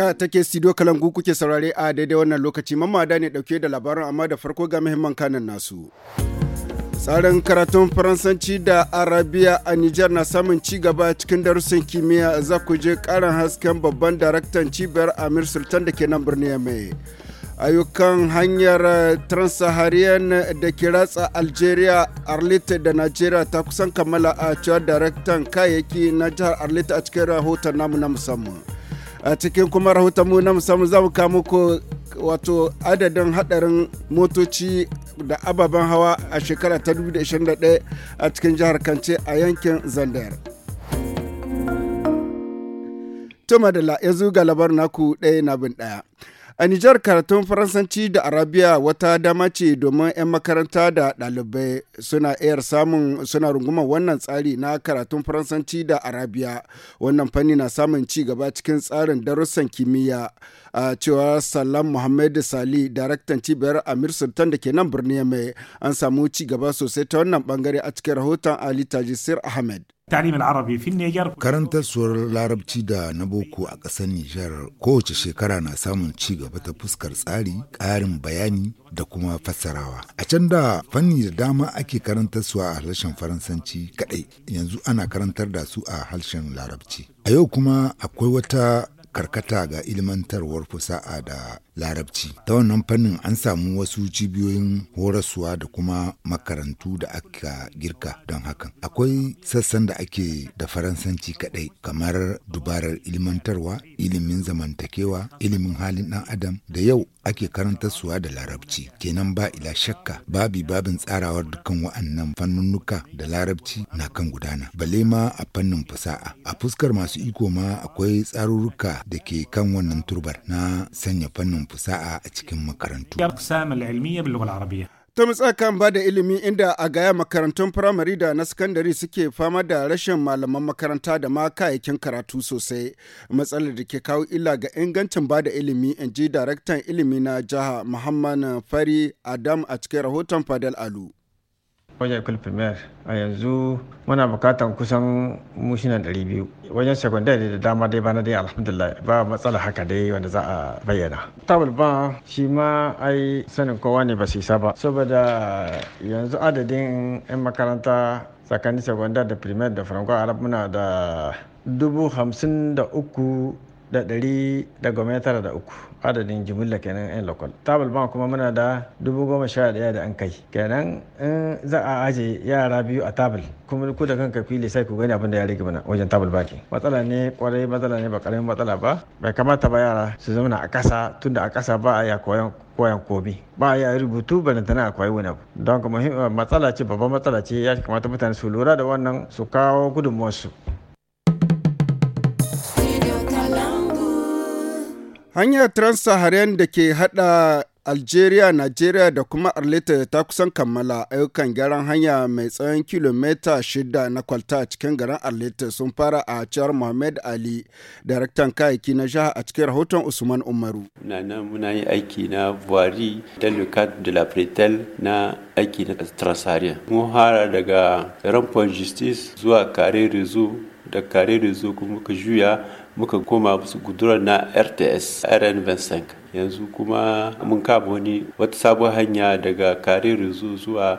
haka take studio kalangu kuke saurare a daidai wannan lokaci mamada ne dauke da labarin amma da farko ga muhimman kanan nasu. tsarin karatun faransanci da arabiya a niger na samun ci gaba cikin darussan kimiyya za ku je karin hasken babban daraktan cibiyar amir sultan da ke nan birnin mai ayyukan hanyar transaharian da ke ratsa algeria arlita da nigeria ta kusan kammala a cewar daraktan kayayyaki na jihar arlita a cikin rahoton namu na musamman a cikin kuma rahoton mu na musamman za mu kawo muku wato adadin hadarin motoci da ababen hawa a shekara ta 2021 a cikin jihar Kance a yankin Zandar. Tuma da la yanzu ga labar naku ɗaya na bin ɗaya. A Nijar karatun Faransanci da Arabiya wata dama ce domin 'yan makaranta da ɗalibai suna iya samun suna rungumar wannan tsari na karatun Faransanci da Arabiya. Wannan fanni na samun ci gaba cikin tsarin darussan kimiyya a cewa Salam Muhammad Sali, daraktan cibiyar Amir Sultan da ke nan birni mai an samu ci gaba sosai ta wannan bangare a cikin rahoton Ali Tajisir Ahmed. Karantar suwar larabci da na boko a ƙasar Nijar kowace shekara na samun ci gaba ta fuskar tsari, ƙarin bayani da kuma fassarawa. A can da fanni da dama ake su a harshen Faransanci kaɗai, yanzu ana karantar da su a harshen larabci. A yau kuma akwai wata karkata ga ilmantarwar fusa'a da larabci ta wannan fannin an samu wasu cibiyoyin horaswa da kuma makarantu da aka girka don hakan akwai sassan da ake da faransanci kadai kamar dubarar ilmantarwa ilimin zamantakewa ilimin halin dan adam da yau ake karantarsuwa da larabci kenan ba ila shakka babi babin tsarawar dukkan wa'annan fannunuka da larabci na kan gudana bale ma a fannin fasa'a a fuskar masu iko ma akwai tsarurruka da ke kan wannan turbar na sanya fannin samun fusa'a a cikin makarantu. ta mutsakan ba da ilimi inda a gaya makarantun firamare da na sakandare suke fama da rashin malaman makaranta da ma kayayyakin karatu sosai matsalar da ke kawo illa ga ingancin ba da ilimi in ji daraktan ilimi na jiha muhammad fari adam a cikin rahoton fadal alu wajen kulfimer a yanzu muna bukatar kusan mushinan 200 wajen secondary da dama dai bana dai alhamdulillah ba matsala haka dai wanda za a bayyana tabul ba shi ma ai sanin kowa ne ba su isa ba saboda yanzu adadin 'yan makaranta tsakanin secondary da primaire da farko arab muna da dubu hamsin da uku da ɗari da goma uku adadin jimilla kenan yan lokal tabal ban kuma muna da dubu goma da an kai kenan in za a aje yara biyu a tabal kuma ku da kanka fili sai ku gani abin da ya rage mana wajen tabal baki matsala ne kwarai matsala ne ba karamin matsala ba bai kamata ba yara su zama a kasa tunda a kasa ba a iya koyon koyan komi ba a a rubutu ba na tana koyi wani abu don matsala ce babban matsala ce ya kamata mutane su lura da wannan su kawo gudunmuwarsu Hanyar trans da ke hada Algeria, Nigeria da kuma Arleta ta kusan kammala ayyukan gyaran hanya mai tsawon kilomita shida na kwalta a cikin garin Arleta sun fara a ciyar Mohamed Ali, daraktan kayaki na jiha a cikin rahoton Usman Umaru. na nan muna yi aiki na Buhari, Delucat de la Pretel na aiki na Transaria. Mun hara daga Rampon Justice zuwa Kare Rezo, da Kare Rezo kuma ka juya muka koma su gudurar na rts rn 25 yanzu kuma mun kama wani wata sabon hanya daga kare zuwa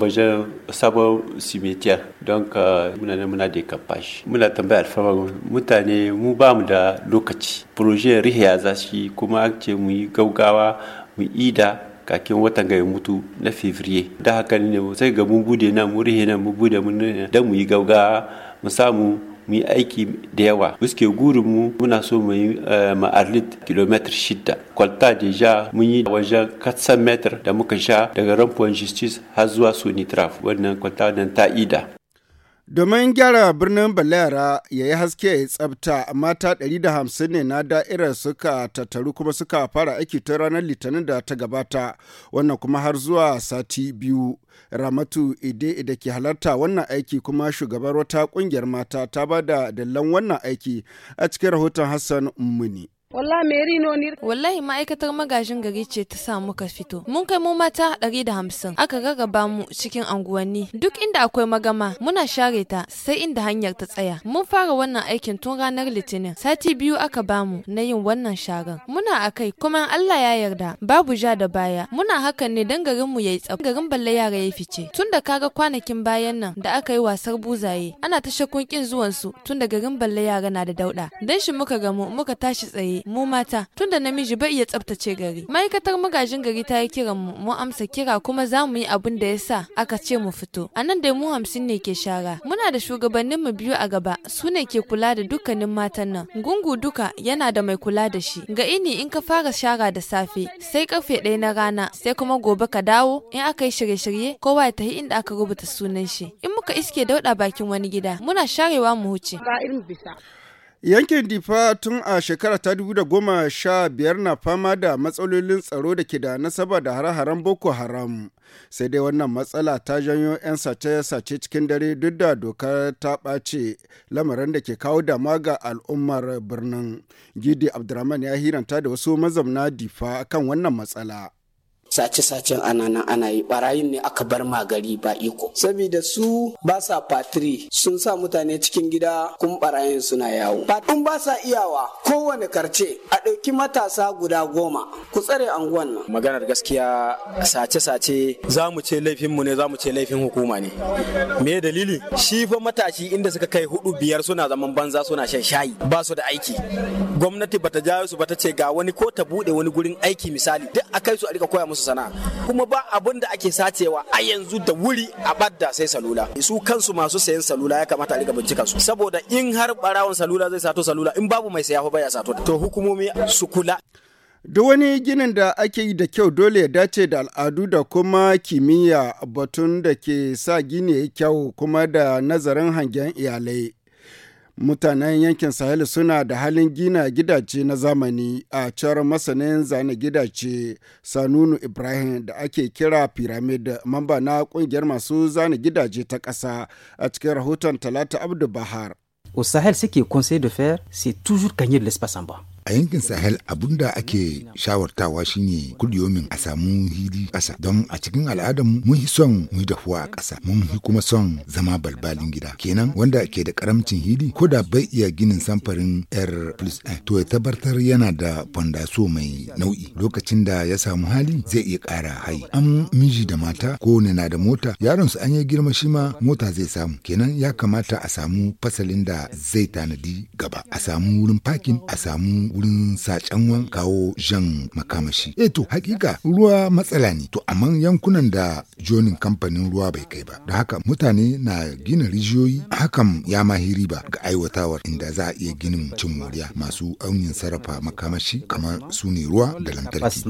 wajen sabon simetiyar don ka muna ne muna da kafashi muna tambaya alfawar mutane mu ba mu da lokaci proje rihe ya shi kuma an ce mu yi gaugawa mu ida kakin watan ga mutu na fevrier da haka ne sai ga mun bude na mu rihe na mu bude mun da mu yi gaugawa mu samu mu yi aiki da yawa muske gurin mu muna so mu yi eh, ma'arlit kilometer shida kwalta deja mun yi wajen katsan metar da muka sha daga rampon justice har zuwa sunitraf wannan kwalta nan ta ida Domin gyara birnin Balera ya yi haske ya tsabta, mata 150 ne na da'irar suka tattaru kuma suka fara aiki ta ranar Litinin da ta gabata, wannan kuma har zuwa sati biyu. Ramatu Ide da ke halarta wannan aiki kuma shugabar wata kungiyar mata ta ba da dallan wannan aiki a cikin rahoton Hassan muni. Wallahi meri no ni. Wallahi ma'aikatar magajin gari ce ta sa muka fito. Mun kai mu mata ɗari da hamsin. Aka rarraba mu cikin anguwanni. Duk inda akwai magama muna share ta sai inda hanyar ta tsaya. Mun fara wannan aikin tun ranar Litinin. Sati biyu aka bamu na yin wannan sharan. Muna akai kuma Allah ya yarda babu ja da baya. Muna hakan ne dan garin mu yayi tsaf. Garin balle yara ya fice. Tun da kaga kwanakin bayan nan da aka yi wasar buzaye ana ta shakkun kin zuwan su tun da garin balle yara na da dauɗa. Dan shi muka gamu muka tashi tsaye mu mata tunda namiji bai iya tsabtace gari ma'aikatar magajin gari ta yi kiran mu mu amsa kira kuma za mu yi abin da ya sa aka ce mu fito a nan dai mu hamsin ne ke shara muna da shugabannin mu biyu a gaba su ne ke kula da dukkanin matan nan gungu duka yana da mai kula da shi ga ini in ka fara shara da safe sai karfe ɗaya na rana sai kuma gobe ka dawo in aka yi shirye-shirye kowa ya tafi inda aka rubuta sunan shi in muka iske dauɗa bakin wani gida muna sharewa mu huce Yankin Difa tun a shekara ta goma sha biyar na fama da matsalolin tsaro da ke da nasaba da hare-haren Boko Haram. Sai dai wannan matsala ta janyo 'yan sace-sace cikin dare duk da dokar ta ɓace lamarin da ke kawo damuwa ga al'ummar birnin. Gidi Abdurrahman ya hiranta da wasu mazauna Difa kan wannan matsala. sace-sacen anana ana yi barayin ne aka bar magari ba iko saboda su ba sa patri sun sa mutane cikin gida kun barayin suna yawo in ba sa iyawa kowane karce a ɗauki matasa guda goma ku tsare anguwan nan maganar gaskiya sace-sace za mu ce laifin mu ne za mu ce laifin hukuma ne me dalili shi fa matashi inda suka kai hudu biyar suna zaman banza suna shan shayi ba su da aiki gwamnati bata jawo su bata ce ga wani ko ta bude wani gurin aiki misali duk a kai su a rika koya musu musu sana'a kuma ba abin da ake sacewa a yanzu da wuri a badda sai salula su kansu masu sayan salula ya kamata a riga bincika su saboda in har barawon salula zai sato salula in babu mai saya ba baya sato to hukumomi su kula Duk wani ginin da ake yi da kyau dole ya dace da al'adu da kuma kimiyya batun da ke sa gini ya kyau kuma da nazarin hangen iyalai. mutanen yankin sahel suna da halin gina gidaje na zamani a cewar masanin zane gidaje sanunu ibrahim da ake kira pyramid mamba na kungiyar masu zane gidaje ta ƙasa a cikin rahoton talata abdu bahar au sahel ce qui est conseillé de faire c'est toujours gagner de l'espace en bas a yankin sahel abun da ake shawartawa shine kulliyomin a samu hili ƙasa don a cikin al'adar mun yi son mu yi dahuwa a ƙasa mun yi kuma son zama balbalin gida kenan wanda ke da karamcin hili ko da bai iya ginin samfarin r plus to ya tabbatar yana da fondaso mai nau'i lokacin da ya samu hali zai iya ƙara hai an miji da mata ko na da mota yaron su an yi girma shi ma mota zai samu kenan ya kamata a samu fasalin da zai tanadi gaba a samu wurin parking a samu wurin sacen kawo jan makamashi. Eh to hakika ruwa matsala ne to amma yankunan da jonin kamfanin ruwa bai kai ba. Da haka mutane na gina rijiyoyi hakan ya mahiri ba ga aiwatawar inda za a iya ginin cin moriya masu aunin sarrafa makamashi kamar su ne ruwa da lantarki.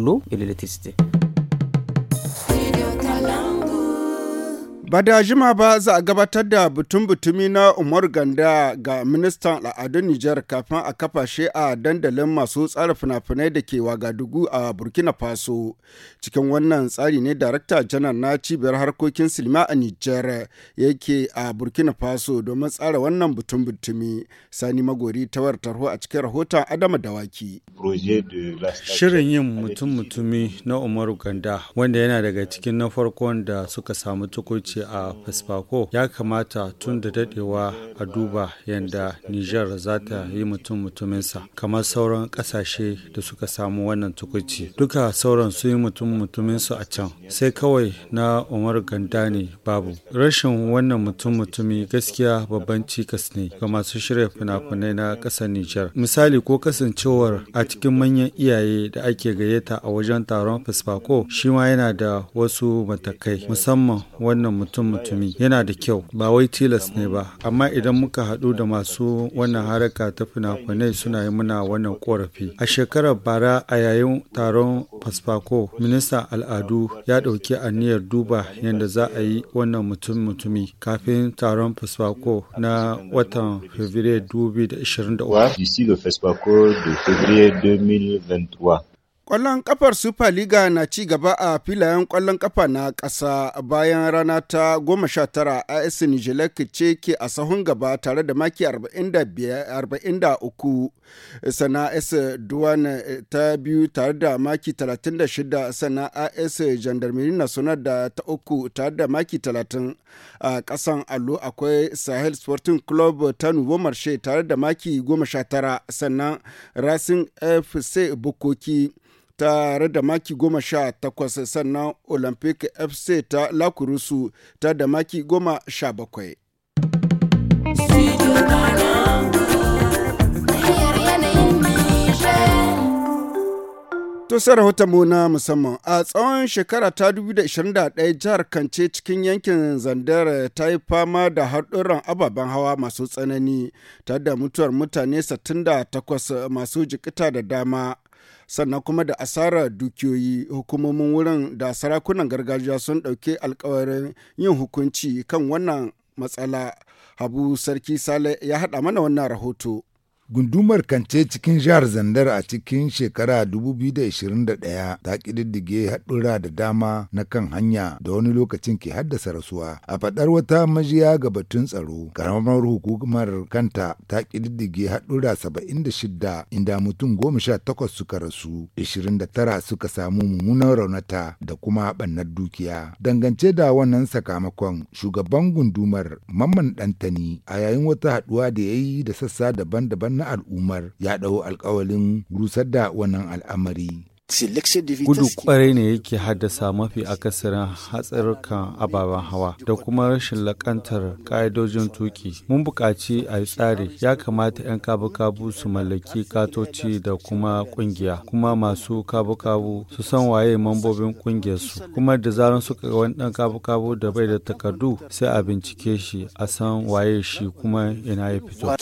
Ba da jima ba za a gabatar da butun-butumi na Umar Ganda ga ministan al'adun Nijar kafin a kafa shi a dandalin masu tsara fina-finai da ke Wagadugu a Burkina Faso. Cikin wannan tsari ne Darakta Janar na cibiyar harkokin silima a Nijar yake a Burkina Faso domin tsara wannan butun-butumi. Sani Magori ta tarho a cikin rahoton Adama Dawaki. Shirin yin mutum na Umar Ganda wanda yana daga cikin na farkon da suka samu tukuci a fasfako ya kamata tun da dadewa a duba yadda niger za ta yi mutum mutuminsa kamar sauran kasashe da suka samu wannan tukuci duka sauran su yi mutum mutuminsu a can sai kawai na umar ganda ne babu rashin wannan mutum mutumi gaskiya babban cikas ne ga masu shirya fina-finai na kasar niger misali ko kasancewar a cikin manyan iyaye da ake gayyata a wajen taron fasfako shi ma yana da wasu matakai musamman wannan mutum mutum mutumi yana da kyau ba wai tilas ne ba amma idan muka haɗu da masu wannan haraka ta finafinai suna yi muna wannan korafi a shekarar bara a yayin taron fasfako minista al'adu ya ɗauki aniyar duba yadda za a yi wannan mutum mutumi kafin taron fasfako na watan fevrier 2023 Ƙwallon ƙafar Super Liga na ci gaba a filayen ƙwallon ƙafa na ƙasa bayan rana ta 19 AS Nijilek ce ke a sahun gaba tare da maki 43 sana AS Duwan ta biyu tare da maki 36 sana AS na suna da ta uku tare da maki 30 a ƙasan allo akwai Sahel Sporting Club ta Nuvo Marshe tare da maki 19 sannan Racing FC Bukoki. tare da maki goma sha takwas sannan olympic fc ta lakurusu ta da maki goma sha bakwai. To sai na musamman a tsawon shekara ta 2021 jihar Kance cikin yankin Zandar ta yi fama da haɗurran ababen hawa masu tsanani tare da mutuwar mutane 68 masu jikita da dama sannan kuma da asarar dukiyoyi hukumomin wurin da sarakunan gargajiya sun ɗauki alkawarin yin hukunci kan wannan matsala habu sarki sale ya haɗa mana wannan rahoto Gundumar Kance cikin jihar Zandar a cikin shekara 2021 ta ƙididdige haɗura da dama na kan hanya da wani lokacin ke haddasa rasuwa. A faɗar wata majiya ga batun tsaro, karamar hukumar kanta ta ƙididdige haɗura 76 inda mutum goma sha 18 suka rasu, 29 suka samu mummunan raunata da kuma ɓannar dukiya. Dangance da wannan sakamakon, shugaban gundumar Mamman Ɗantani a yayin wata haɗuwa da ya yi da sassa daban-daban na al'ummar ya ɗau alkawalin rusar da wannan al'amari Gudu kwarai ne yake haddasa mafi akasarin hatsarukan ababen hawa da kuma rashin lakantar ƙa'idojin tuki. Mun buƙaci a yi tsari ya kamata 'yan kabu-kabu su mallaki katoci da kuma ƙungiya, kuma masu kabu-kabu su san waye mambobin ƙungiyarsu, kuma da zaran suka ga wani ɗan kabu-kabu da bai da takardu sai a bincike shi a san waye shi kuma ina ya fito. A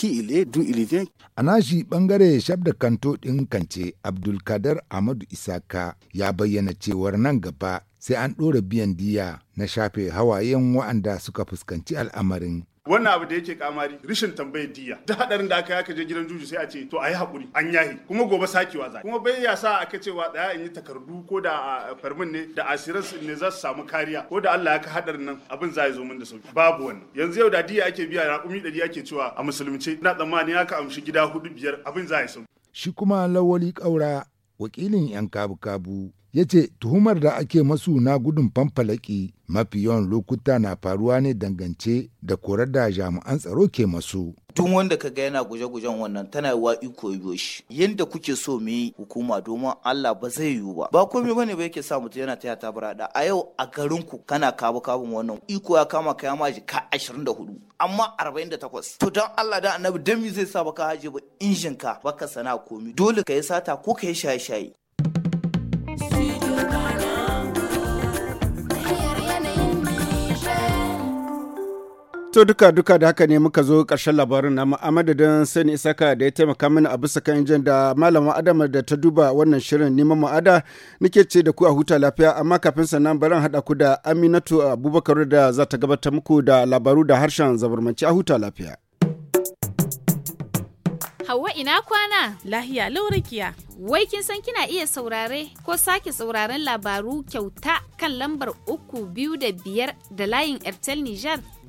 bangare ɓangare shabda kanto ɗin kance abdulkadar Ahmadu saka ya bayyana cewar nan gaba sai an ɗora biyan diya na shafe hawayen wa'anda suka fuskanci al'amarin. wannan abu da yake kamari rishin tambayar diya da hadarin da aka yaka je gidan juju sai a ce to yi hakuri an yahi kuma gobe sakewa za kuma bai ya sa aka cewa daya in yi takardu ko da farmin ne da asiras ne za su samu kariya ko da Allah ya ka hadarin nan abin za ya zo min da sauki babu wannan yanzu yau da diya ake biya raƙumi ɗari ake cewa a musulunci ina tsammani ya ka amshi gida hudu biyar abin za ya sauki shi kuma lawali ƙaura wakilin 'yan kabu-kabu ya ce tuhumar da ake masu na gudun famfalaki mafi yawan lokuta na faruwa ne dangance da korar da jami'an tsaro ke masu. Tun wanda ka ga yana guje-gujen wannan tana yiwa iko yiwo shi. Yanda kuke so mu yi hukuma domin Allah ba zai yiwu ba. Ba komai ne ba yake sa mutum yana taya tabarada. A yau a garin ku kana kabu kabun wannan iko ya kama kaya maji ka 24 amma 48. To dan Allah da Annabi dan me zai sa baka haje ba injin ka baka sana komi. Dole ka yi sata ko ka yi shaye-shaye. To duka duka da haka ne muka zo ƙarshen labarin na madadin sani isaka da ya taimaka mini a bisa kan injin da malama adama da ta duba wannan shirin neman ma'ada nike ce da ku a huta lafiya amma kafin sannan barin haɗa ku da aminatu abubakar da za ta gabatar muku da labaru da harshen zabarmanci a huta lafiya. hawa ina kwana? Lahiya laurakiya. Wai kin san kina iya saurare ko sake sauraren labaru kyauta kan lambar uku biyu da biyar da layin Airtel Nijar?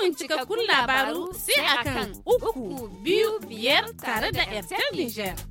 Samun cikakkun labaru sai akan uku biyu biyar tare da Airtel Niger.